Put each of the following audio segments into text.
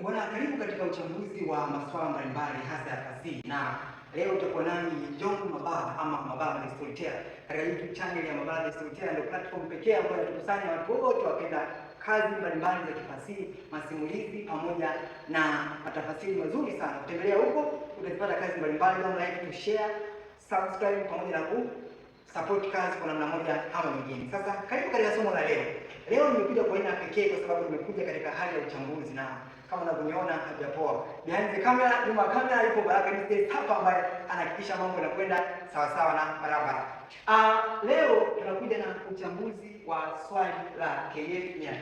Bwana, karibu katika uchambuzi wa masuala mbalimbali hasa ya fasihi, na leo utakuwa nami John Mababa ama Mababa the Storyteller katika YouTube channel ya Mababa the Storyteller, ndio platform pekee ambayo inakusanya watu wote wapenda kazi mbalimbali za kifasihi, masimulizi pamoja na matafasiri mazuri sana. Kutembelea huko utapata kazi mbalimbali kama like to share, subscribe pamoja na ku support kazi kwa namna moja ama nyingine. Sasa karibu katika somo la leo. Leo nimekuja kwa aina pekee kwa sababu nimekuja katika hali ya uchambuzi na kama unavyoniona hajapoa. Behind the camera, nyuma kamera yuko Baraka Ministries hapa ambaye anahakikisha mambo yanakwenda sawa sawa na barabara. Ah, Uh, leo tunakuja na uchambuzi wa swali la KL 318.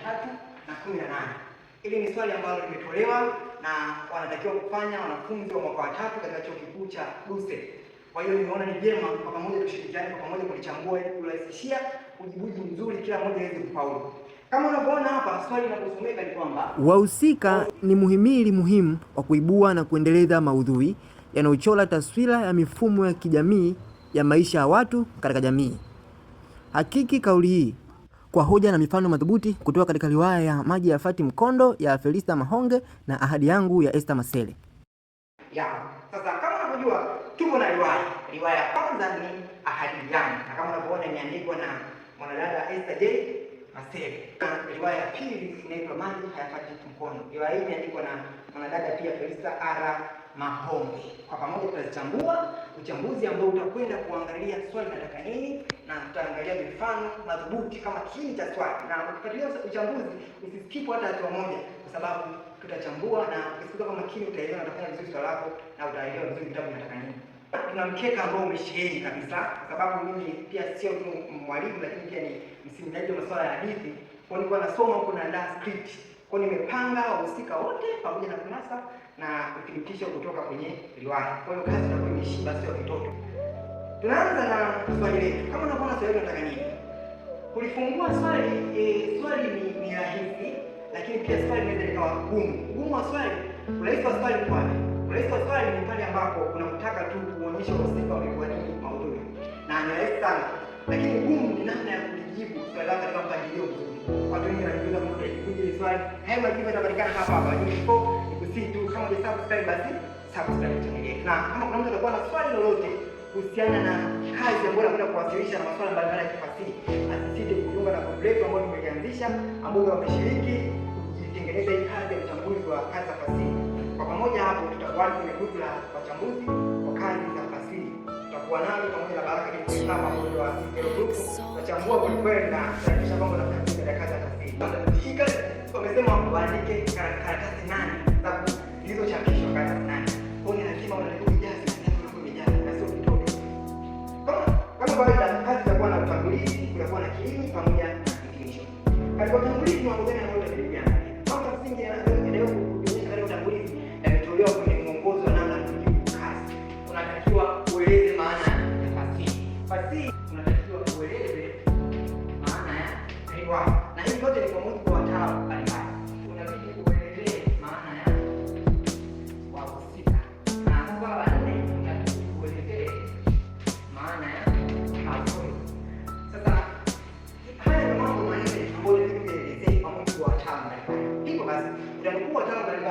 Hili ni swali ambalo limetolewa na wanatakiwa kufanya wanafunzi wa mwaka wa tatu katika chuo kikuu cha Buse. Kwa hiyo nimeona ni jema kwa pamoja tushirikiane kwa pamoja kulichambua ili kurahisishia ujibuji mzuri kila mmoja aweze kufaulu. Kama unavyoona hapa swali linaposomeka ni kwamba wahusika ni muhimili muhimu wa kuibua na kuendeleza maudhui yanayochora taswira ya mifumo ya kijamii ya maisha ya watu katika jamii. Hakiki kauli hii kwa hoja na mifano madhubuti kutoka katika riwaya ya Maji ya Fati Mkondo ya Felista Mahonge na Ahadi Yangu ya Esther Masele. Ya, sasa kama unavyojua tuko na riwaya. Riwaya ya kwanza ni Ahadi Yangu. Na kama unavyoona imeandikwa na mwanadada Esther J Maseli. Riwaya ya pili inaitwa maji hayafatiki mkono. Riwaya hii imeandikwa na mwanadada pia Felisa Ara Mahombe. Kwa pamoja tutazichambua uchambuzi ambao utakwenda kuangalia swali nataka nini, na tutaangalia mifano madhubuti kama kiini cha swali, na ukifuatilia uchambuzi usiskipu hata hatua moja, kwa sababu tutachambua na ukisikiza kwa makini utaelewa, utafanya vizuri swali lako na utaelewa vizuri kitabu nataka nini. Kuna mkeka ambao umesheheni kabisa, kwa sababu mimi pia sio tu mwalimu, lakini pia ni msimuliaji wa masuala ya hadithi. Kwa hiyo nilikuwa nasoma huko naandaa script, kwa hiyo nimepanga wahusika wote pamoja na kunasa na uthibitisho kutoka kwenye riwaya. Kwa hiyo kazi inakuwa imeshiba, sio mtoto. Tunaanza na swali letu. Kama unaona swali letu nataka nini? Kulifungua swali e, swali ni, ni rahisi, lakini pia swali inaweza ikawa gumu. Gumu wa swali, urahisi wa swali kwani Ukristo swali ni pale ambapo unamtaka tu kuonyesha wasifa ulikuwa nini maudhui na anaeleza sana, lakini ngumu ni namna ya kujibu swali lako katika mpangilio mzuri. Watu wengi wanajiuliza mbona nikujibu hili swali? Haya majibu yanapatikana hapa hapa. Ni kwa nikusii tu kama ni subscribe basi subscribe channel yetu. Na kama kuna mtu atakuwa na swali lolote kuhusiana na kazi ambayo anakwenda kuwasilisha na masuala mbalimbali ya kifasihi, asisite kujiunga na group letu ambayo tumelianzisha, ambao wameshiriki kujitengeneza hii kazi ya utambuzi wa kazi za fasihi kwani kwenye grupu la wachambuzi wa kazi za fasihi tutakuwa nalo pamoja na Baraka Kama mmoja wa grupu tutachambua kwa kweli na kuhakikisha kwamba tunafika katika kazi za fasihi. Dakika wamesema waandike karatasi nane za zilizochapishwa karatasi nane. Kwa hiyo lazima wanatakiwa kujaza na kuliko vijana na sio vitoto. Kama kama kawaida kazi itakuwa na utangulizi, kutakuwa na kiini pamoja na hitimisho. Katika utangulizi tunaongea na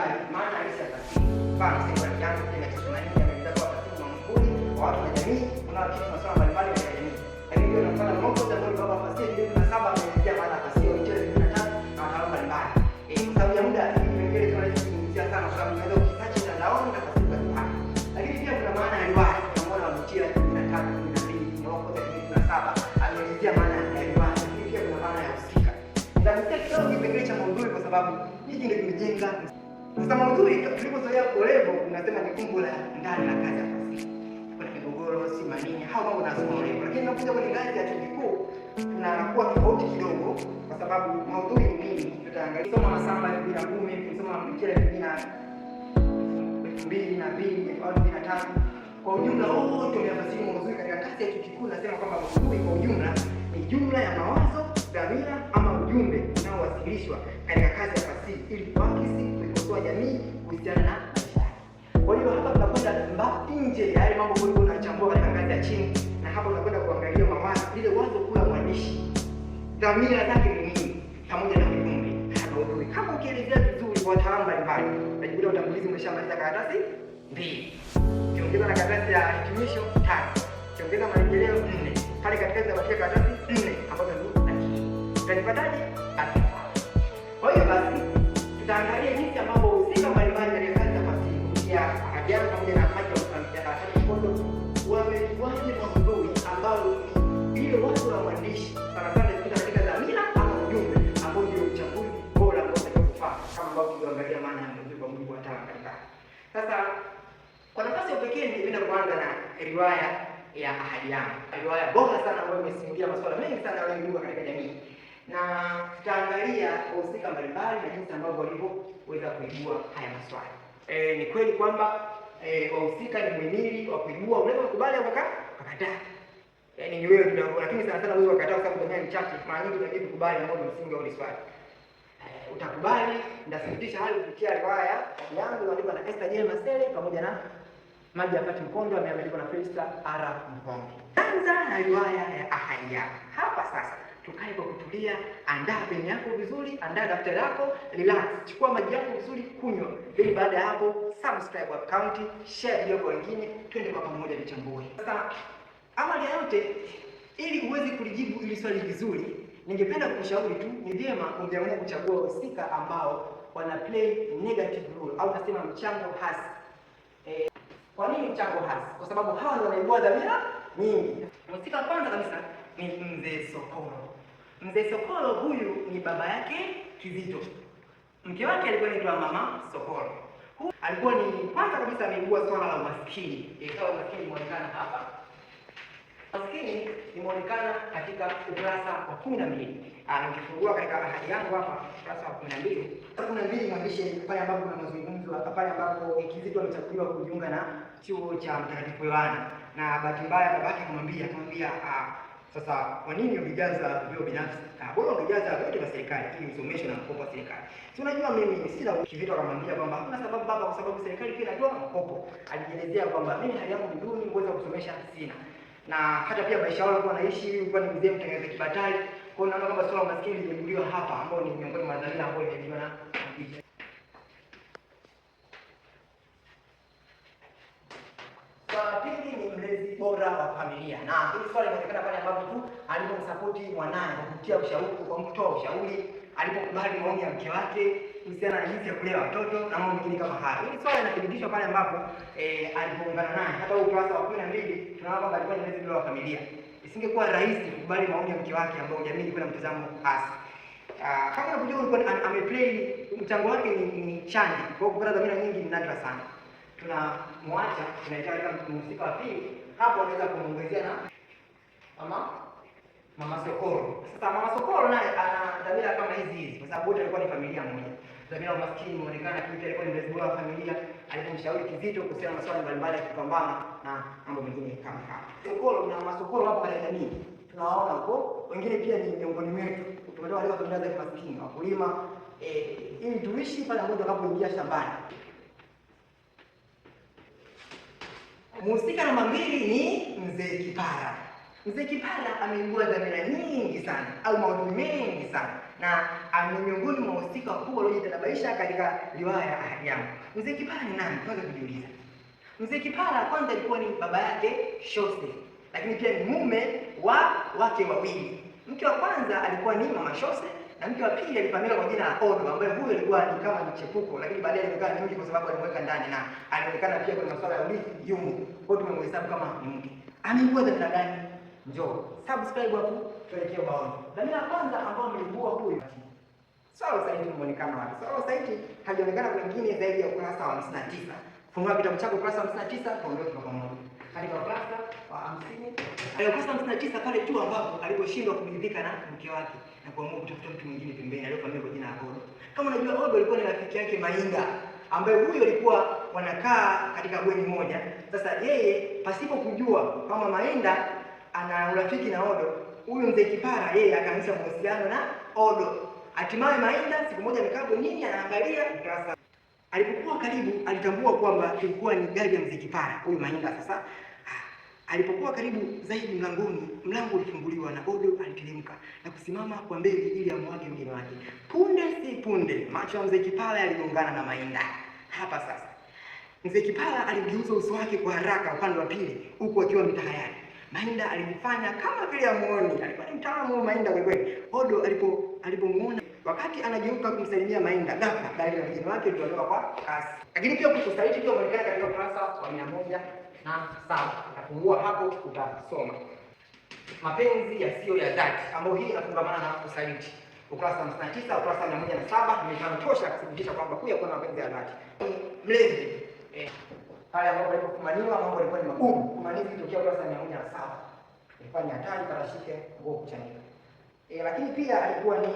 yangu, maana Alisi akasema bana, siku ya kiangu kile cha tumaini ya mbele kwa katibu mkuu watu wa jamii, kuna kitu masuala mbalimbali ya jamii, lakini ndio nafanya mambo ya baba fasili na saba Mtazamo mzuri tulipozoea kolevo unasema ni fungu la ndani la kazi ya fasihi. Kuna migogoro, si manini, hao mambo nasoma kolevo. Lakini nakuja kwenye ngazi ya chuo kikuu tunakuwa tofauti kidogo kwa sababu maudhui ni nini? Tutaangalia somo masamba samba elfu mbili na mchele elfu mbili na elfu mbili na mbili, elfu mbili na tatu. Kwa ujumla wote umeyafasiri maudhui katika kazi ya chuo kikuu nasema kwamba maudhui kwa ujumla ni jumla ya mawazo, dhamira ama ujumbe unaowasilishwa katika kazi ya fasihi ili kuakisi kwa jamii kuhusiana na Kwa hiyo hapa tunakwenda mbali nje ya yale mambo ambayo unachambua katika ngazi ya chini, na hapa tunakwenda kuangalia mawazo, ile wazo kuu la mwandishi, dhamira zake ni nini, pamoja na ujumbe Kama ukielezea vizuri kwa wataalamu mbalimbali, unajikuta utangulizi umeshamaliza karatasi mbili, ukiongeza na karatasi ya hitimisho tatu, ukiongeza marejeleo nne, pale katikati zinabakia karatasi nne ambazo ni utanipataje? Basi kwa hiyo basi tutaangalia jinsi ambavyo maana ameumbika Mungu atawa katika. Sasa kwa nafasi ya pekee ningependa kuanza na riwaya ya ahadi yangu, riwaya bora sana ambayo imesimulia masuala mengi sana ya yanayoibuka katika jamii, na tutaangalia wahusika mbalimbali na jinsi ambavyo walivyoweza kuibua haya maswala. E, ni kweli kwamba e, wahusika ni muhimili wa kuibua, unaweza kukubali au kukataa. yaani ni wewe ndio, lakini sana sana wewe ukakataa kwa sababu ni chache. Mara nyingi tunajaribu kubali ambao ni msingi wa swali utakubali. Nitathibitisha hali kupitia riwaya yangu iliyoandikwa na Esther J. Masele pamoja na maji ya pati Mkondo ameandikwa na Felista Ara Mkonge. Anza na riwaya ya ahadi Hapa sasa tukae kwa kutulia, andaa peni yako vizuri, andaa daftari lako, relax, chukua maji yako vizuri, kunywa. Ili baada ya hapo subscribe account, share video kwa wengine, twende kwa pamoja nichambue. Sasa awali ya yote, ili uweze kulijibu ili swali vizuri Ningependa kukushauri tu, ni vyema ungeamua kuchagua wahusika ambao wana play negative role au tunasema mchango hasi. E, kwa nini mchango hasi? Kwa sababu hawa ndio wanaibua dhamira nyingi. Mhusika kwanza kabisa ni mzee Sokolo. Mzee Sokolo huyu ni baba yake Kizito. Mke wake alikuwa anaitwa Mama Sokolo. Alikuwa ni kwanza kabisa ameibua swala la umaskini, ikawa umaskini mwonekana hapa Maskini imeonekana katika ukurasa wa kumi na mbili ah, nikifungua katika ahadi yangu hapa ukurasa wa kumi na mbili kumi na mbili maandishi pale ambapo kuna mazungumzo pale ambapo Kizito amechaguliwa kujiunga na chuo cha Mtakatifu Yohana, na bahati mbaya babake akamwambia akamwambia ah, sasa kwa nini ulijaza vyuo binafsi? Ah, Bora ungejaza vyote vya serikali ili usomeshwe na mkopo wa serikali. Si unajua mimi sina kivitu akamwambia kwamba hakuna sababu baba, kwa sababu serikali pia inatoa mkopo. Alijielezea kwamba mimi hali yangu ni duni, uwezo kusomesha sina na hata pia maisha yao walikuwa wanaishi ilikuwa ni mzee mtengeneza kibatari. Kwa hiyo naona kama swala umaskini hapa, ambao ni miongoni mwa dhamira ambayo na Pili ni mlezi bora wa familia, na hili swala linaonekana pale ambapo tu alipomsapoti mwanaye kwa ushauri, kwa kutoa ushauri alipokubali maoni ya mke wake kuhusiana na jinsi ya kulea watoto na mambo mengine kama hayo. Hili swala linathibitishwa pale ambapo eh, alipoungana naye hata huu ukurasa wa 12 tunaona kwamba alikuwa ni mlezi wa familia. Isingekuwa rahisi kukubali maoni ya mke wake ambao jamii ilikuwa na mtazamo hasi. Uh, kama unajua ulikuwa ameplay mchango wake ni, ni chanya. Kwa hiyo kupata dhamira nyingi ni nadra sana. Tunamwacha tunaita kama mhusika wa pili hapo anaweza kumuongezea na mama Mama Sokoro. Sasa Mama Sokoro naye ana dhamira kama hizi hizi, kwa sababu wote walikuwa ni familia moja. Dhamira umaskini umeonekana kitu, alikuwa ni mzee wa familia, Alimshauri Kizito kuhusiana na masuala mbalimbali ya kupambana na mambo mengine kama haya. Sokoro na Mama Sokoro hapo katika jamii tunawaona huko, wengine pia ni miongoni mwetu, tumetoa leo dhamira za maskini, wakulima eh, ili tuishi pale ambapo tunapoingia shambani. Mhusika namba mbili ni mzee Kipara. Mzee Kipara ameibua dhamira nyingi sana au maudhui mengi sana na ni miongoni mwa wahusika wakubwa waliojitanabaisha katika riwaya ya Ahadi Yangu. Mzee Kipara ni nani? Kwanza kujiuliza. Mzee Kipara kwanza alikuwa ni baba yake Shose, lakini pia ni mume wa wake wawili. Mke wa kwanza alikuwa ni mama Shose na mke wa pili alifahamika kwa jina la Odo, ambaye huyo alikuwa ni kama ni chepuko, lakini baadaye alionekana ni mke kwa sababu alimweka ndani na alionekana pia kwenye masuala ya urithi yumo. Kwa hiyo tumemhesabu kama ni mke. Ameibua dhamira gani? njoo subscribe hapo, tuelekee maoni. Dhamira ya kwanza ambayo mlikuwa huyu Swallow Said muonekano wake. Swallow Said hajaonekana kwingine zaidi ya ukurasa wa 59. Fungua kitabu chako ukurasa wa 59 tuondoke kwa pamoja. Katika ukurasa wa 50. Eh, ukurasa wa 59 pale tu ambapo aliposhindwa kuridhika na mke wake na kuamua kutafuta mtu mwingine pembeni aliyofahamika kwa jina la Odo. Kama unajua Odo alikuwa ni rafiki yake Mainga ambaye huyo alikuwa wanakaa katika bweni moja. Sasa yeye pasipo kujua kama Mainga ana urafiki na Odo. Huyu mzee Kipara yeye akaanzisha mahusiano na Odo. Hatimaye Mainda siku moja amekaa bwenini anaangalia darasa. Alipokuwa karibu alitambua kwamba ilikuwa ni gari ya mzee Kipara. Huyu Mainda sasa ah, alipokuwa karibu zaidi mlangoni, mlango ulifunguliwa na Odo aliteremka na kusimama kwa mbele ili amwage mgeni wake. Punde si punde, macho ya mzee Kipara yaligongana na Mainda. Hapa sasa, mzee Kipara aligeuza uso wake kwa haraka upande wa pili, huku akiwa mtahayari. Mainda alimfanya kama vile amuoni, alikuwa ni mtaalamu wa Mainda kwa kweli. Odo alipo alipomuona wakati anageuka kumsalimia Mainda, ghafla gari la mjini wake liliondoka kwa kasi. Lakini pia kukusaliti pia kuonekana katika ukurasa wa mia moja na saba utafungua hapo utasoma mapenzi yasiyo ya dhati, ambayo hii inafungamana na kusaliti ukurasa hamsini na tisa ukurasa mia moja na saba ni tosha kuthibitisha kwamba kuya kuna mapenzi ya dhati. mlezi eh pale ambapo alipofumaniwa mambo yalikuwa ni magumu. Fumanizi ilitokea kurasa mia moja na saba ilikuwa ni hatari, parashike nguo kuchanika. E, lakini pia alikuwa ni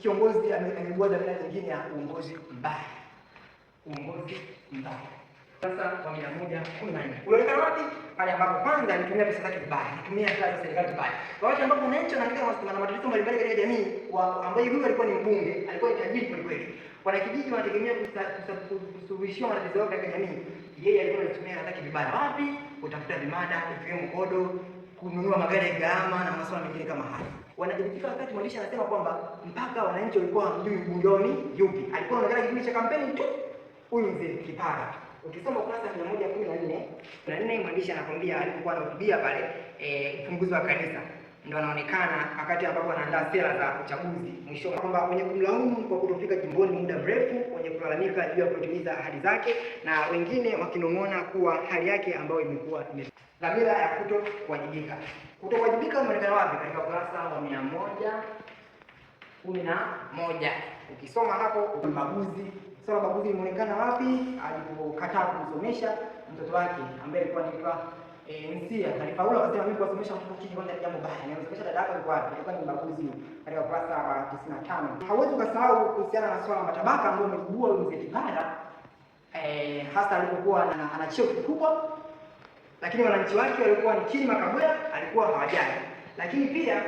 kiongozi amegua dhamira nyingine ya uongozi mbaya, uongozi mbaya. Sasa kwa mia moja kumi na nne ulionekana wapi? Pale ambapo kwanza alitumia pesa zake vibaya, alitumia hela za serikali vibaya, wakati ambapo wananchi wanaandika na matatizo mbalimbali katika jamii, ambaye huyu alikuwa ni mbunge, alikuwa ni tajiri kwelikweli Wanakijiji wanategemea kusuluhishiwa matatizo yao katika jamii. Yeye alikuwa anatumia anataka vibaya wapi, kutafuta vimada ikiwemo kodo, kununua magari ya gharama na masuala mengine kama haya. Wanajifika wakati mwandishi anasema kwamba mpaka wananchi walikuwa hamjui mbunge yupi. Alikuwa anaonekana kipindi cha kampeni tu, huyu mzee Kipara. Ukisoma ukurasa mia moja kumi na nne na nne mwandishi anakwambia alipokuwa anahutubia pale eh, ufunguzi wa kanisa ndio anaonekana wakati ambapo anaandaa sera za uchaguzi mwisho, kwamba wenye kumlaumu kwa kutofika jimboni muda mrefu, wenye kulalamika juu ya kutimiza ahadi zake, na wengine wakinong'ona kuwa hali yake ambayo imekuwa dhamira ya kuto kuwajibika. Kuto kuwajibika umeonekana wapi? Katika ukurasa wa mia moja kumi na moja ukisoma hapo ubaguzi sasa, ubaguzi imeonekana wapi? Alipokataa kumsomesha mtoto wake ambaye alikuwa anaitwa msia eh, alifaulu akasema mimi kuwasomesha mtoto kike kwanza jambo baya. Nimesomesha dada yako alikuwa wapi? Alikuwa ni mbaguzi katika kurasa wa 95. Hauwezi kusahau kuhusiana na swala la matabaka ambayo umeibua mzee Kibanda. Eh, hasa alipokuwa ana cheo kikubwa lakini wananchi wake walikuwa ni chini makabila alikuwa hawajali. Lakini pia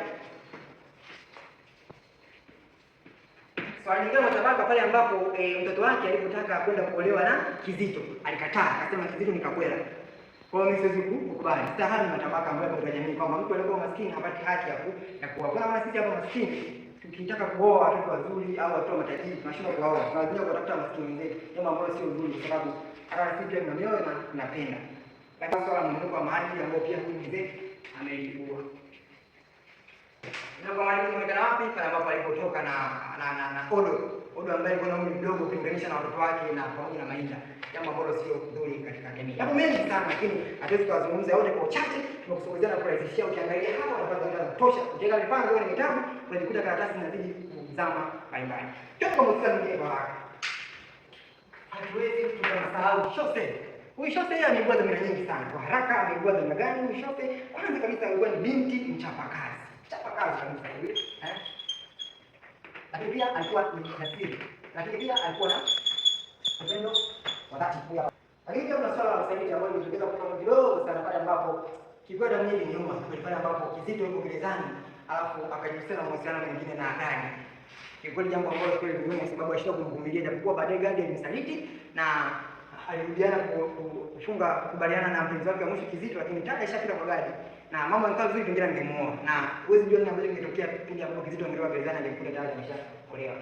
swali lingine matabaka pale ambapo e, mtoto wake alipotaka kwenda kuolewa na Kizito alikataa, akasema Kizito ni kakwela. Kwa hiyo mimi siwezi kukubali. Sasa haya ni matabaka ambayo kwa jamii kwamba mtu aliyekuwa maskini hapati haki ya ya kuoa. Kama sisi hapa maskini tukitaka kuoa watoto wazuri au watu wa matajiri tunashindwa kuoa. Tunazidi kutafuta maskini wenzetu. Jambo ambalo sio nzuri kwa sababu hata sisi pia tuna mioyo na tunapenda. Lakini swala muhimu kwa maadili ambao pia huyu mwenzetu ameibua. Na kwa maadili mwenda wapi pale ambapo alipotoka na na na, na odo Odo ambaye kuna umri mdogo kulinganisha na watoto wake na pamoja na Maita, jambo ambalo sio nzuri katika jamii. Hapo mengi sana, lakini hatuwezi kuwazungumza wote kwa uchache. Tunakusogezea na kurahisishia, ukiangalia hapa unapata ndio kutosha. Ukiweka mipango ile mitabu, unajikuta karatasi zinazidi kuzama mbalimbali. Tuko kwa mstari mwingine kwa haraka. Hatuwezi tukamsahau Shose. Huyu Shose yeye ameibua dhamira nyingi sana. Kwa haraka ameibua dhamira gani huyu Shose? Kwanza kabisa alikuwa ni binti mchapakazi. Mchapakazi kabisa yule. Eh? lakini pia alikuwa mwenye jasiri, lakini pia alikuwa na upendo wa dhati Lakini pia kuna swala la usaliti ambalo limetokeza kwa kidogo sana pale ambapo kikwenda mwenyewe nyuma, pale ambapo Kizito yuko gerezani, alafu akajihusisha na mahusiano mengine na Agani. Kikweli jambo ambalo kweli ni nyuma, sababu alishindwa kumvumilia, japokuwa baadaye Gadi alimsaliti na alirudiana kufunga kukubaliana na mpenzi wake wa mwisho Kizito, lakini tayari alishafika kwa Gadi na mambo yanakuwa vizuri, tungira ningemuoa na huwezi jua nini ambacho kingetokea kipindi ambapo Kizito angeoa gerezani, angekuta tayari amesha kulewa.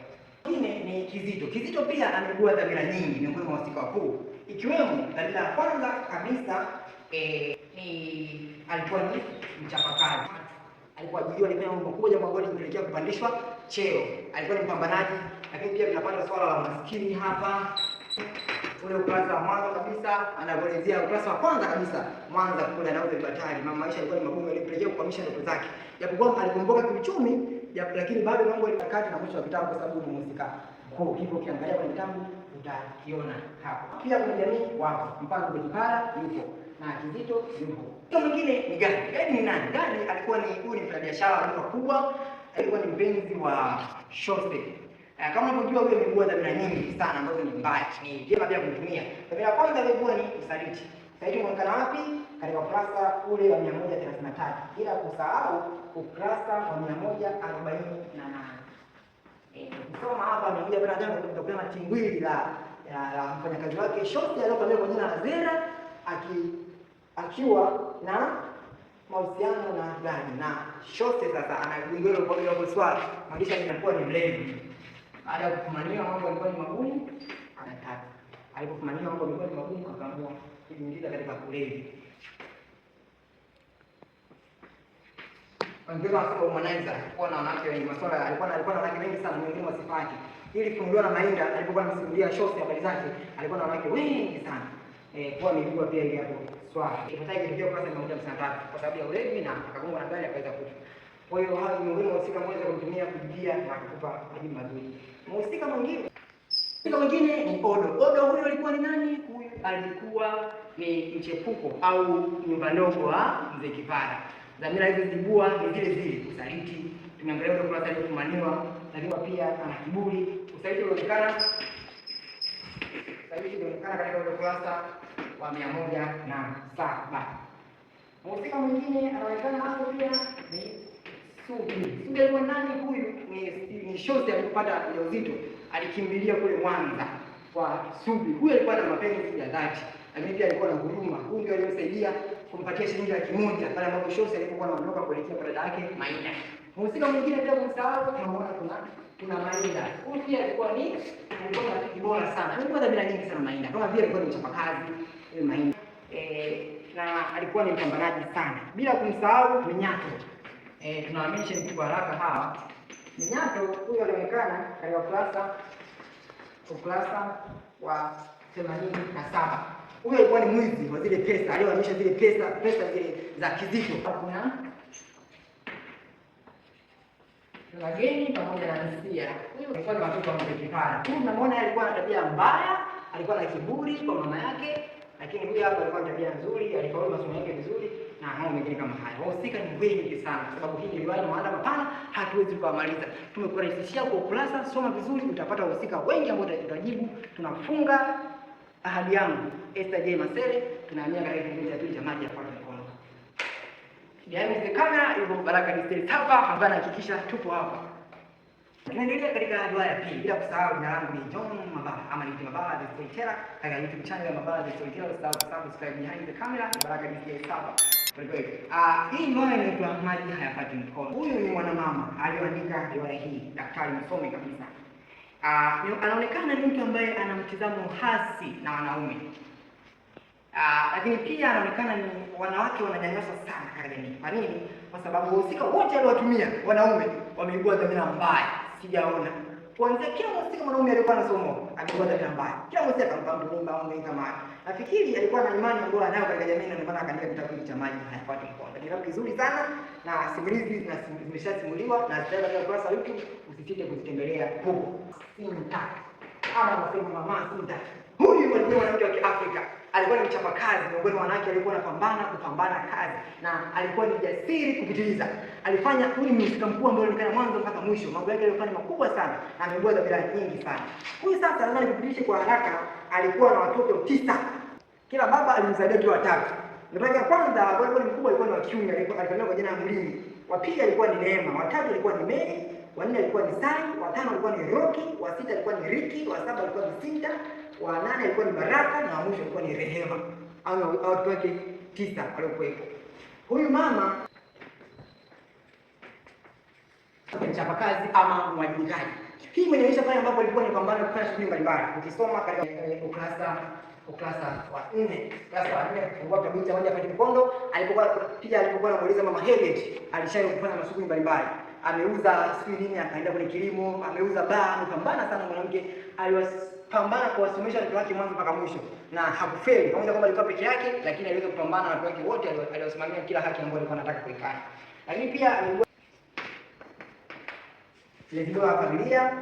Mwingine ni Kizito. Kizito pia amekuwa dhamira nyingi miongoni mwa wahusika wakuu, ikiwemo dhamira ya kwanza kabisa eh, ni alikuwa ni mchapakazi alikuwa ajiliwa ni mambo makubwa, jambo ambalo limpelekea kupandishwa cheo. Alikuwa ni mpambanaji, lakini pia tunapata swala la maskini hapa ule ukurasa wa mwanzo kabisa, anaelezea ukurasa wa kwanza kabisa, mwanza kule anauza vibatari. Mama Aisha alikuwa ni magumu, alipelekea kuhamisha ndoto zake, japokuwa alikumbuka kiuchumi, lakini bado mambo yalikata na mwisho wa kitabu, kwa sababu ni mhusika mkuu. Hivyo ukiangalia kwenye kitabu utakiona hapo, kila kwenye jamii wapo, mfano Bejipara yupo na Kizito yupo. Kitu mwingine ni gari. Gari ni nani? Gari alikuwa ni huyu, ni mfanyabiashara wa duka kubwa, alikuwa ni mpenzi wa shopping Uh, kama unavyojua huyo miguu dhamira nyingi sana ambazo ni mbaya, ni vyema pia kutumia. Dhamira ya kwanza miguu ni usaliti. Sasa unaonekana wapi? Katika ukurasa ule wa 133 bila kusahau ukurasa wa 148. Eh, ukisoma hapa amekuja bila jambo kutokana na tingwili la la mfanyakazi wake Shoti aliyokuwa kwa jina la Zera aki akiwa na mahusiano na gani na Shoti. Sasa anagundua kwa ile swali, mwandishi anakuwa ni mlevi baada ya kufumaniwa mambo yalikuwa ni magumu, anataka Alipofumaniwa mambo yalikuwa ni magumu, akaamua kujiingiza katika kulevi. Wengine wanasema womanizer, kwa na wanawake wengi, masuala alikuwa alikuwa na wanawake wengi sana, wengine wasifaki. Ili kumjua na Mainda alipokuwa anamsimulia shosi habari zake, alikuwa na wanawake wengi sana. Eh, kwa nilikuwa pia ile hapo swali. Ifuatayo ilikuwa kwanza ni 53 kwa sababu ya ulevi na akagonga na gari akaweza kufa. Kwa hiyo hapo ni muhimu, wahusika mmoja kutumia kujibia na kukupa majibu mazuri. Mhusika mwingine mhusika mwingine ni Odo. Odo huyo alikuwa ni nani? Huyu alikuwa ni mchepuko au nyumba ndogo wa mzee Kipara. Dhamira hizo zibua ni zile zile, usaliti. Tumeangalia Odo kwa sababu kumaniwa, lakini pia ana kiburi. Usaliti unaonekana usaliti unaonekana katika Odo kurasa wa mia moja na saba. Mhusika mwingine anaonekana hapo pia ni Singelikuwa nani huyu ni shosi alipopata ujauzito alikimbilia kule Mwanza kwa Subi. Huyu alikuwa na mapenzi ya dhati, lakini pia alikuwa na huruma. Huyu ndio aliyemsaidia kumpatia shilingi laki moja pale ambapo shosi alipokuwa anaondoka kuelekea kwa dada yake Maina. Mhusika mwingine pia kumsahau, tunaona kuna kuna Maina. Huyu pia alikuwa ni alikuwa na kitu bora sana. Alikuwa na bila nyingi sana Maina. Kama vile alikuwa ni mchapakazi eh, Maina. Eh, na alikuwa ni mpambanaji sana. Bila kumsahau Mnyato e, eh, tunahamisha kwa haraka hawa Minyato. huyo anaonekana katika ukurasa ukurasa wa themanini na saba. Huyu alikuwa ni mwizi wa zile pesa, aliyohamisha zile pesa, pesa zile za kizito. Kuna wageni pamoja na msia. huyo alikuwa ni watoto wa Mtekipara. Huyu tunamwona alikuwa na tabia mbaya, alikuwa na kiburi kwa mama yake, lakini huyo hapo alikuwa na tabia nzuri, alifaulu masomo yake vizuri na hao wengine kama haya. Wahusika ni wengi sana, kwa sababu hii ni riwaya maana mapana, hatuwezi kumaliza. Tumekurahisishia kwa kurasa, soma vizuri, utapata wahusika wengi ambao tutajibu. Tunafunga ahadi yangu Esther J Masere, tunahamia katika kipindi cha pili cha maji ya kwa mkono. Yawezekana hiyo Baraka ni Distance hapa hapana, nahakikisha tupo hapa. Tunaendelea katika riwaya ya pili bila kusahau jina langu ni John Mabaha ama ni Mabaha the Storyteller katika YouTube channel ya Mabaha the Storyteller, usisahau kusubscribe behind the camera Baraka ni Distance hapa. Uh, hii riwaya inaitwa maji hayapati mkono. Huyu ni mwanamama aliyoandika riwaya hii, daktari msomi kabisa. Ah, anaonekana ni mtu ambaye ana mtizamo hasi na wanaume ah, lakini pia anaonekana ni wanawake wananyanyaswa sana katika jamii. Kwa nini? Kwa sababu wahusika wote aliowatumia wanaume wameibua dhamira mbaya, sijaona kuanzia kila mhusika mwanaume alikuwa anasomo amekuwa dhamira mbaya, kila mhusika akampa mtu mimba au Nafikiri alikuwa na imani ambayo anayo katika jamii na ndio maana akaandika kitabu hiki cha maji hayapati Ni Kitabu kizuri sana na simulizi na zimeshasimuliwa na sasa kwa kurasa YouTube usitinde kuzitembelea huko. Sinta. Ama anasema mama sinta. Huyu ni mwanamke wa Kiafrika alikuwa ni mchapakazi, miongoni mwa wanawake aliyokuwa anapambana kupambana kazi na alikuwa ni jasiri kupitiliza. Alifanya uli mhusika mkuu ambaye alionekana mwanzo mpaka mwisho, mambo yake ni makubwa sana na ameibua dhamira nyingi sana. Huyu sasa, lazima nikupitishe kwa haraka, alikuwa na watoto tisa, kila baba alimzaidia tu watatu. Ndio wa kwanza alikuwa ni mkubwa, alikuwa ni wa kiume, alifanana kwa jina la Mlimi. Wa pili alikuwa ni Neema, wa tatu alikuwa ni Mei, wa nne alikuwa ni Sai, wa tano alikuwa ni Roki, wa sita alikuwa ni Riki, wa saba alikuwa ni Sinta wa nane alikuwa ni Baraka na wa mwisho alikuwa ni Rehema, au watu wake tisa waliokuwepo. Huyu mama kazi ama mwajingaji. Hii imenionyesha pale ambapo alikuwa ni pambano kufanya shughuli mbalimbali. Ukisoma katika eh, ukurasa ukurasa wa 4, ukurasa wa 4 kufungua kitabu cha moja kati mkondo alipokuwa pia alipokuwa anamuuliza mama Harriet alishaye kufanya mashughuli mbalimbali. Ameuza sijui nini akaenda kwenye kilimo, ameuza baa, amepambana sana mwanamke aliwas pambana kuwasimisha watoto wake mwanzo mpaka mwisho, na hakufeli. Pamoja kwamba alikuwa peke yake, lakini aliweza kupambana na watu wake wote, aliwasimamia kila haki ambayo alikuwa anataka kuifanya. Lakini pia vilevile wa familia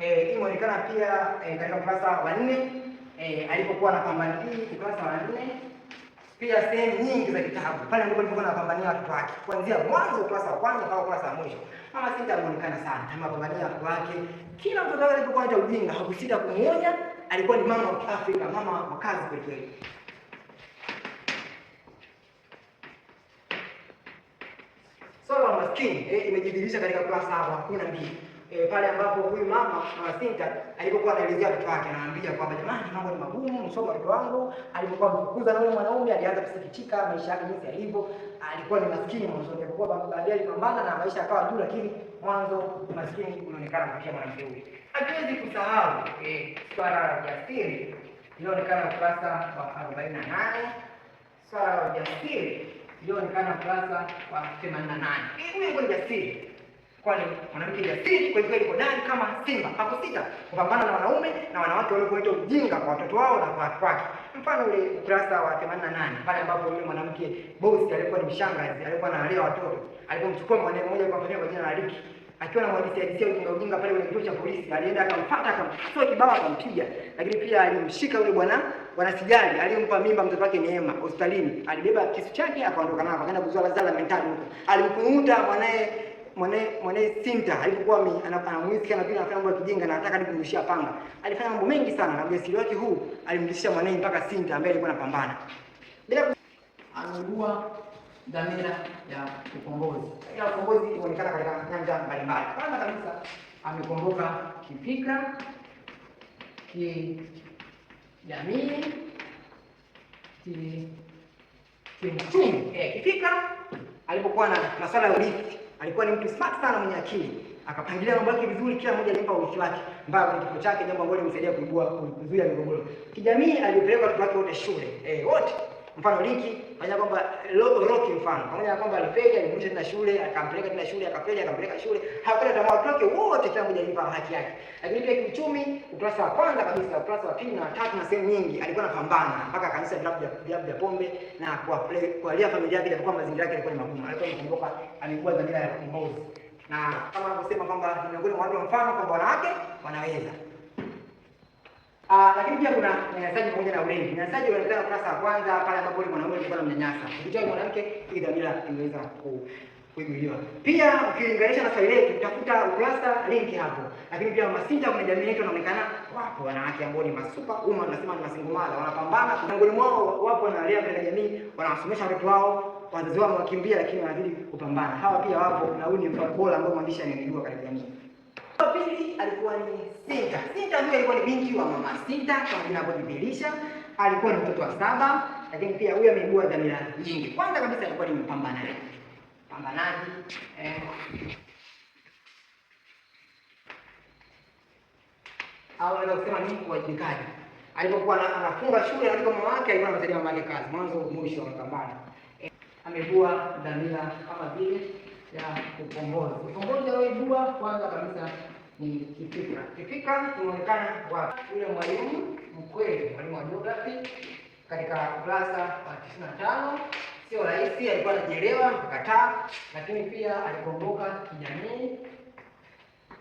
eh, hii inaonekana pia eh, katika ukurasa wa 4 eh, alipokuwa anapambana hii ukurasa wa 4 pia sehemu nyingi za kitabu pale ndipo alikuwa anapambania watoto wake, kuanzia mwanzo ukurasa wa kwanza mpaka ukurasa wa mwisho. Mama Sinta alionekana sana anapambania watoto wake. Kila mtoto wake alipokuwa hata ujinga hakusita kumuonya, alikuwa ni mama wa Afrika, mama wa kazi kweli kweli. Swala la maskini eh, imejibirisha katika kurasa 7 na mbili eh, pale ambapo huyu mama Mama Sinta alipokuwa anaelezea watoto wake, anawaambia kwamba jamani, mambo ni magumu, msoma mtoto wangu. Alipokuwa mfukuza na yule mwanaume, alianza kusikitika maisha yake jinsi yalivyo. Alikuwa ni maskini mwanzo, alipokuwa baadaye alipambana na maisha akawa juu, lakini mwanzo maskini unaonekana kwa mwanamke huyu. Hatuwezi kusahau eh, swala la ujasiri lilionekana ukurasa wa 48, swala la ujasiri lilionekana ukurasa wa 88. Hii ni ujasiri kuwa ni mwanamke jasiri kweli kweli, hodari kama simba, hakusita kupambana na wanaume na wanawake waliokuleta ujinga kwa watoto wao na kwa watu wake. Mfano ule ukurasa wa 88 pale ambapo yule mwanamke bosi alikuwa ni mshangazi, alikuwa analea watoto, alipomchukua mwanae mmoja kwa mfano kwa jina la Riki akiwa na mwadisi alisia ujinga ujinga pale kwenye kituo cha polisi, alienda akampata, akamtoa kibao, akampiga. Lakini pia alimshika yule bwana bwana sijali aliyempa mimba mtoto wake Neema hospitalini, alibeba kisu chake akaondoka nako, akaenda kuzua lazala mentali huko, alimkunguta mwanae mwanae mwanae Sinta alipokuwa anamwisikia na pia anafanya mambo ya kijinga na anataka kumrushia panga. Alifanya mambo mengi sana na ujasiri wake huu alimrushia mwanae mpaka Sinta ambaye alikuwa anapambana. Bila anaugua dhamira ya ukombozi. Ya ukombozi inaonekana katika nyanja mbalimbali. Kwanza kabisa amekomboka kifikra, ki kijamii, ki kiuchumi. Eh, kifikra alipokuwa na masuala ya urithi Alikuwa ni mtu smart sana mwenye akili, akapangilia mambo yake vizuri, kila mmoja alimpa urithi wake mpaka kwenye kifo chake, jambo ambalo limsaidia kuibua kuzuia migogoro kijamii. Alipeleka watoto wake wote shule eh, wote mfano Liki pamoja kwamba Roki mfano pamoja na kwamba alifeli, alimrudisha tena shule, akampeleka tena shule, akafeli, akampeleka shule, hakuna tamaa. Watoke wote kila mmoja alimpa haki yake. Lakini pia kiuchumi, ukurasa wa kwanza kabisa, ukurasa wa pili na tatu na sehemu nyingi, alikuwa anapambana mpaka kanisa bila bila bila pombe na kwa kwa lia familia yake, ilikuwa mazingira yake yalikuwa magumu. Alikuwa anakumbuka alikuwa dhamira ya kukombozi, na kama alivyosema kwamba ni miongoni mwa watu mfano kwamba wanawake wanaweza Ah, lakini pia kuna eh, nyanyasaji pamoja na ulenzi. Nyanyasaji unaonekana ukurasa wa kwanza pale ambapo yule mwanaume alikuwa anamnyanyasa. Ukijua mwanamke ili dhamira inaweza ku kuibuliwa. Pia ukilinganisha na swali letu utakuta ukurasa link hapo. Lakini pia masinja kuna jamii yetu wanaonekana wapo wanawake ambao ni masupa uma wanasema ni masingomala wanapambana miongoni mwao wapo wanalea katika jamii wanawasomesha watoto wao wazazi wao wakimbia lakini wanazidi kupambana. Hawa pia wapo na huu ni mfano bora ambao mwandishi ananijua katika jamii pili alikuwa ni Sinta. Sinta huyo alikuwa ni binti wa mama Sinta kwa vinavyodhihirisha, alikuwa ni mtoto wa saba, lakini pia huyo ameibua dhamira nyingi. Kwanza kabisa alikuwa ni mpambanaji, mpambanaji eh. au anaweza kusema ni kuwajibikaji. Alipokuwa anafunga shule katika mama wake, alikuwa anamsaidia mama yake kazi, mwanzo mwisho anapambana eh. Ameibua dhamira kama vile ya ukombozi. Ukombozi alioibua kwanza kabisa ni kifikra. Kifikra tunaonekana Yule mwalimu mkweli, mwalimu wa geography katika ukurasa wa 95 sio rahisi, alikuwa anajielewa mkataa, lakini pia alikomboka kijamii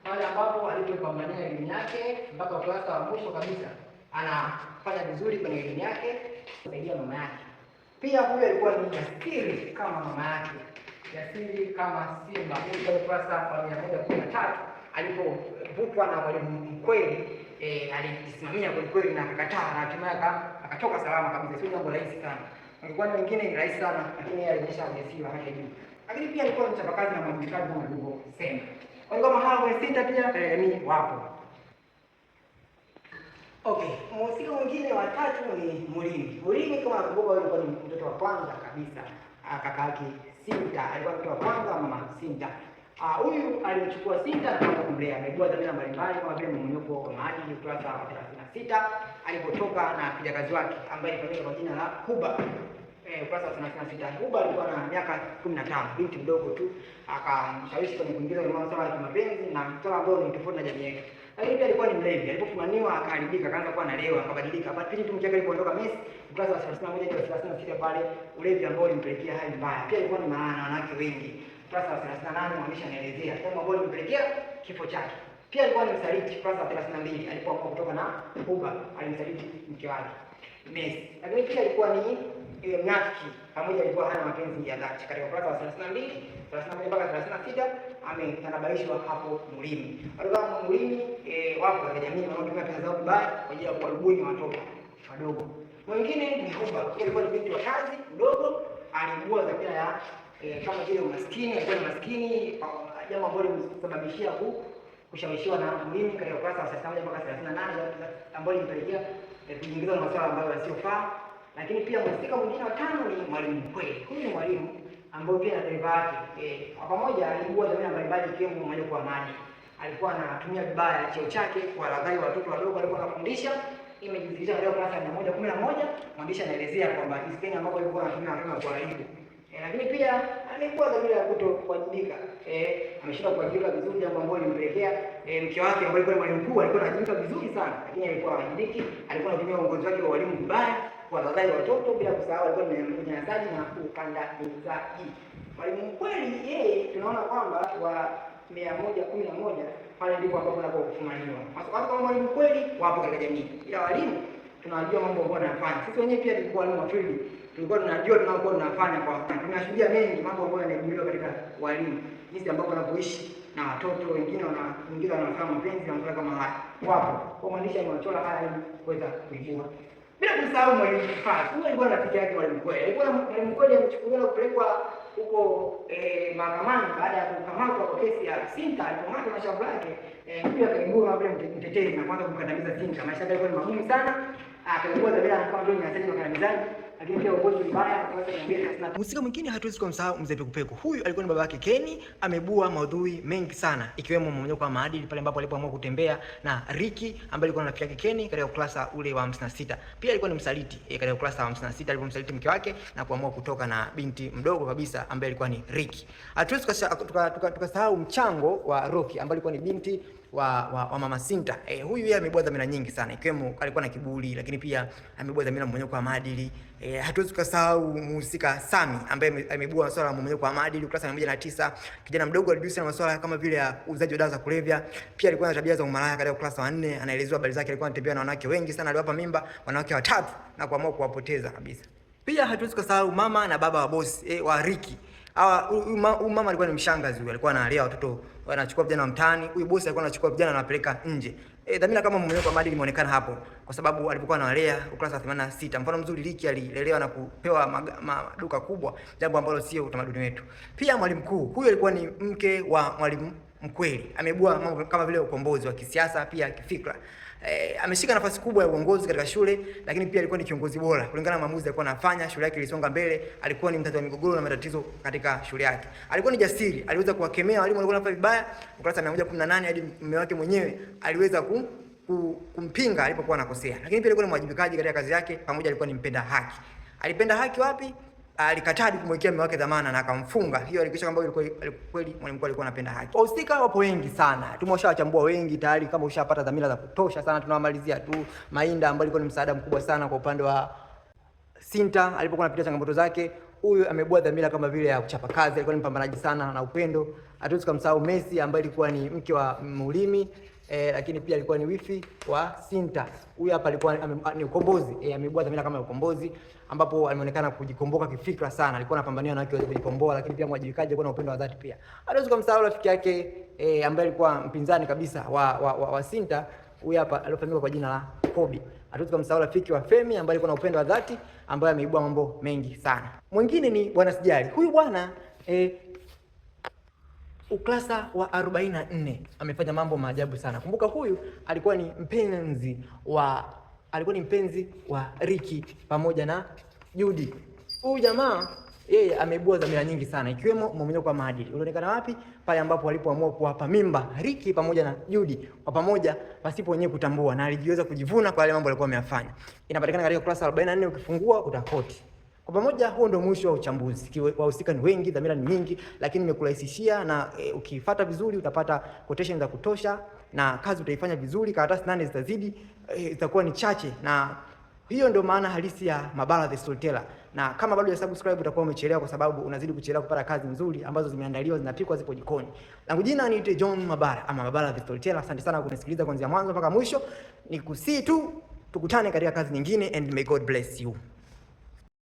pale ambapo alipopambania elimu yake mpaka ukurasa wa mwisho kabisa, anafanya vizuri kwenye elimu yake, kusaidia mama yake. Pia huyu alikuwa ni jasiri kama mama yake, jasiri kama simba. Ukurasa wa 113 alipovutwa na mwalimu kweli e, alijisimamia kweli kweli na akakataa, na hatimaye akatoka salama kabisa. Sio jambo rahisi sana, ungekuwa wengine ni rahisi sana, lakini yeye alionyesha ujasiri wa hali ya juu. Lakini pia alikuwa mchapakazi na mwajibikaji kama nilivyosema. Kwa hiyo kwenye sita pia katika e, ni wapo. Okay, mhusika mwingine wa tatu ni Mulimi. Mulimi kama nakumbuka, yule alikuwa ni mtoto wa kwanza kabisa, kaka yake Sinta alikuwa mtoto wa kwanza, mama Sinta Ah, huyu alimchukua Sinta kwa kuanza kumlea. Amekuwa dhamira mbalimbali kama vile mmonyoko wa maadili ukurasa wa thelathini na sita alipotoka na kijakazi wake ambaye alifahamika kwa jina la Kuba eh, ukurasa wa thelathini na sita Kuba alikuwa na miaka 15, binti mdogo tu, akamshawishi kwenye kuingiza kwa masuala ya mapenzi na masuala ambayo ni tofauti na jamii yake. lakini pia alikuwa ni mlevi. Alipofumaniwa akaharibika, akaanza kuwa analewa, akabadilika. Pindi tu mchaka alipoondoka Messi, ukurasa wa thelathini na moja hadi thelathini pale ulevi ambao ulimpelekea hali mbaya. Pia alikuwa ni maana wanawake wengi ukurasa wa 38 mwandishi anaelezea kwamba Obote mpelekea kifo chake. Pia alikuwa ni msaliti, ukurasa wa 32 alipoamua kutoka na Kuba, alimsaliti mke wake Messi. Lakini pia alikuwa ni e, mnafiki pamoja, alikuwa hana mapenzi ya dhati. Katika ukurasa wa 32, 31 mpaka 36 ametanabaishwa hapo Mulimi. Alikuwa Mulimi e, wapo katika jamii wanaotumia pesa zao vibaya kwa ajili ya kuwarubuni watoto wadogo. Mwingine ni Huba, alikuwa ni binti wa kazi mdogo, aliibua dhamira ya eh, kama vile umaskini, alikuwa ni maskini, jambo ambalo limesababishia ku kushawishiwa na mimi katika ukurasa wa 31 mpaka 38 ambao limpelekea kujiingiza na masuala ambayo yasiyofaa. Lakini pia mhusika mwingine wa tano ni mwalimu kweli. Huyu ni mwalimu ambaye pia na dereva yake eh, kwa pamoja aliibua dhamira mbalimbali ikiwemo moja kwa maji. Alikuwa anatumia vibaya cheo chake kwa laghai watoto wadogo alikuwa anafundisha. imejidhihirisha leo kurasa ya 111 mwandishi anaelezea kwamba Hispania ambapo alikuwa anatumia watoto kwa aibu E, lakini pia alikuwa dhamira ya kuto kuwajibika. Eh, ameshindwa kuwajibika vizuri, jambo ambalo limpelekea e, eh, mke wake ambaye alikuwa mwalimu mkuu alikuwa anajibika vizuri sana, lakini alikuwa hawajibiki, alikuwa anatumia uongozi wake wa walimu mbaya kwa dadai watoto, bila kusahau alikuwa ni mnyanyasaji na ukandamizaji. Mwalimu kweli yeye tunaona kwamba wa 111 pale ndipo ambapo anapo kufumaniwa. kwa sababu kama mwalimu kweli wapo katika jamii, ila walimu tunawajua mambo ambayo wanafanya. Sisi wenyewe pia tulikuwa walimu wa field tulikuwa tunajua tunakuwa tunafanya kwa tunashuhudia mengi mambo ambayo yanajibiwa katika walimu, jinsi ambao wanavyoishi na watoto wengine, wana wengine wanafanya mapenzi na masuala kama haya, wapo kwa maanisha ni wachora haya ili kuweza kuibua, bila kusahau mwalimu Kifasi. Huyo alikuwa rafiki yake mwalimu Kweli, alikuwa mwalimu Kweli alichukuliwa kupelekwa huko eh, mahakamani baada ya kukamatwa kwa kesi ya Sinta. Alipomatwa na shauri lake eh, pia akaibua kama vile mtetezi na kwanza kumkandamiza Sinta. Maisha yake yalikuwa ni magumu sana, akaibua tabia ya kwamba ndio ni asili mkandamizaji Mhusika mwingine hatuwezi kumsahau mzee Pekupeku. Huyu alikuwa ni baba yake Keni, amebua maudhui mengi sana ikiwemo mmomonyoko wa maadili pale ambapo alipoamua kutembea na Ricky ambaye alikuwa na rafiki yake Keni katika ukurasa ule wa 56. Pia alikuwa ni msaliti e, katika ukurasa wa 56 alipomsaliti mke wake na kuamua kutoka na binti mdogo kabisa ambaye alikuwa ni Ricky. Hatuwezi tukasahau mchango wa Rocky ambaye alikuwa ni binti wa, wa, wa Mama Sinta eh, huyu yeye amebua dhamira nyingi sana, ikiwemo alikuwa na kiburi, lakini pia amebua dhamira mmonyoko wa maadili eh, hatuwezi kusahau mhusika Sami ambaye amebua masuala ya mmonyoko wa maadili ukurasa tisa. Kijana mdogo alijusa na masuala kama vile ya uuzaji wa dawa za kulevya, pia alikuwa na tabia za umalaya. Katika ukurasa wa 4 anaelezewa habari zake, alikuwa anatembea na wanawake wengi sana, aliwapa mimba wanawake watatu na kuamua kuwapoteza kabisa. Pia hatuwezi kusahau mama na baba wa bosi eh, wa Riki. Hawa mama alikuwa ni mshangazi, alikuwa analea watoto wanachukua vijana wa mtaani. Huyu bosi alikuwa anachukua vijana anapeleka nje. E, dhamira kama mmoja kwa maadili imeonekana hapo, kwa sababu alipokuwa analea ukurasa wa 86, mfano mzuri Liki alilelewa na kupewa maduka kubwa, jambo ambalo sio utamaduni wetu. Pia mwalimu mkuu huyu alikuwa ni mke wa mwalimu mkweli, amebua mambo kama vile ukombozi wa kisiasa, pia kifikra eh, ameshika nafasi kubwa ya uongozi katika shule, lakini pia alikuwa ni kiongozi bora kulingana na maamuzi alikuwa anafanya. Shule yake ilisonga mbele, alikuwa ni mtatu wa migogoro na matatizo katika shule yake. Alikuwa ni jasiri, aliweza kuwakemea walimu walikuwa wanafanya vibaya. Ukurasa 118 hadi mume wake mwenyewe aliweza ku kumpinga alipokuwa anakosea, lakini pia alikuwa ni mwajibikaji katika kazi yake, pamoja alikuwa ni mpenda haki. Alipenda haki wapi? alikataa kumwekea mume wake dhamana na akamfunga. Hiyo alikisha kwamba ilikuwa kweli kweli mwalimu alikuwa anapenda haki. Wahusika wapo wengi sana, Tumeshawachambua wengi tayari. Kama ushapata dhamira za kutosha sana, tunawamalizia tu Mainda ambaye alikuwa ni msaada mkubwa sana kwa upande wa Sinta alipokuwa anapitia changamoto zake. Huyu amebua dhamira kama vile ya kuchapa kazi, alikuwa ni mpambanaji sana na upendo. Hatuwezi kumsahau Messi ambaye alikuwa ni mke wa Mulimi. Eh, lakini pia alikuwa ni wifi wa Sinta. Huyu hapa alikuwa ni ukombozi. Eh, amebua dhamira kama ya ukombozi ambapo alionekana kujikomboka kifikra sana. Alikuwa anapambania wanawake waweze kujikomboa, lakini pia mwajibikaji, alikuwa na upendo wa dhati pia. Hatuwezi kumsahau rafiki yake e, ambaye alikuwa mpinzani kabisa wa wa, wa, wa Sinta, huyu hapa alifahamika kwa jina la Kobi. Hatuwezi kumsahau rafiki wa Femi ambaye alikuwa na upendo wa dhati, ambaye ameibua mambo mengi sana. Mwingine ni bwana Sijali. Huyu bwana e, uklasa wa 44 amefanya mambo maajabu sana. Kumbuka huyu alikuwa ni mpenzi wa alikuwa ni mpenzi wa Ricky pamoja na Judy. Huyu jamaa yeye ameibua dhamira nyingi sana ikiwemo mmomonyoko kwa maadili. Ulionekana wapi? Pale ambapo walipoamua kuwapa mimba Ricky pamoja na Judy kwa pamoja pasipo wenyewe kutambua, na alijiweza kujivuna kwa yale mambo alikuwa ameyafanya. Inapatikana katika kurasa 44 ukifungua utakoti. Kwa pamoja, huo ndio mwisho wa uchambuzi. Wahusika ni wengi, dhamira ni nyingi, lakini nimekurahisishia na e, ukifuata vizuri utapata quotation za kutosha na kazi utaifanya vizuri, karatasi nane zitazidi zitakuwa eh, ni chache, na hiyo ndio maana halisi ya Mabala the Storyteller. Na kama bado ya subscribe utakuwa umechelewa, kwa sababu unazidi kuchelewa kupata kazi nzuri ambazo zimeandaliwa zinapikwa, zipo jikoni. Langu jina niite John Mabala ama Mabala the Storyteller. Asante sana kunisikiliza kuanzia mwanzo mpaka mwisho, nikusii tu tukutane katika kazi nyingine, and may God bless you.